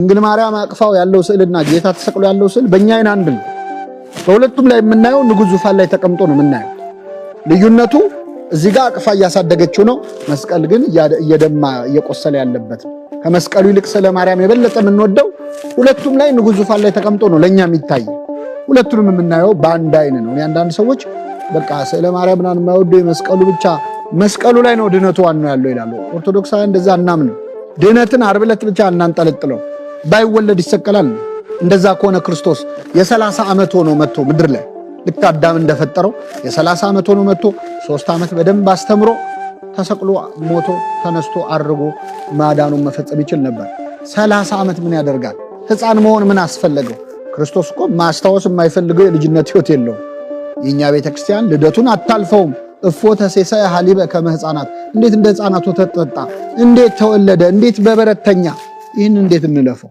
ድንግል ማርያም አቅፋው ያለው ስዕልና ጌታ ተሰቅሎ ያለው ስዕል በእኛ አይን አንድ ነው። በሁለቱም ላይ የምናየው ንጉሥ ዙፋን ላይ ተቀምጦ ነው የምናየው። ልዩነቱ እዚህ ጋር አቅፋ እያሳደገችው ነው፣ መስቀል ግን እየደማ እየቆሰለ ያለበት። ከመስቀሉ ይልቅ ስለ ማርያም የበለጠ የምንወደው ሁለቱም ላይ ንጉሥ ዙፋን ላይ ተቀምጦ ነው ለእኛ የሚታይ። ሁለቱንም የምናየው በአንድ አይን ነው። አንዳንድ ሰዎች በቃ ስዕለ ማርያም ምናምን የማይወዱ የመስቀሉ ብቻ መስቀሉ ላይ ነው ድነቱ ዋናው ያለው ይላሉ። ኦርቶዶክሳውያን እንደዛ እናምንም። ድነትን ዓርብ ዕለት ብቻ እናንጠለጥለው ባይወለድ ይሰቀላል። እንደዛ ከሆነ ክርስቶስ የሰላሳ ዓመት ሆኖ መጥቶ ምድር ላይ ልክ አዳም እንደፈጠረው የሰላሳ ዓመት ሆኖ መጥቶ ሶስት ዓመት በደንብ አስተምሮ ተሰቅሎ ሞቶ ተነስቶ አድርጎ ማዳኑን መፈጸም ይችል ነበር። ሰላሳ ዓመት ምን ያደርጋል? ሕፃን መሆን ምን አስፈለገው? ክርስቶስ እኮ ማስታወስ የማይፈልገው የልጅነት ሕይወት የለውም። የእኛ ቤተ ክርስቲያን ልደቱን አታልፈውም። እፎ ተሴሰ ሀሊበ ከመ ሕፃናት፣ እንዴት እንደ ህፃናቱ ተጠጣ፣ እንዴት ተወለደ፣ እንዴት በበረተኛ ይህን እንዴት እንለፈው?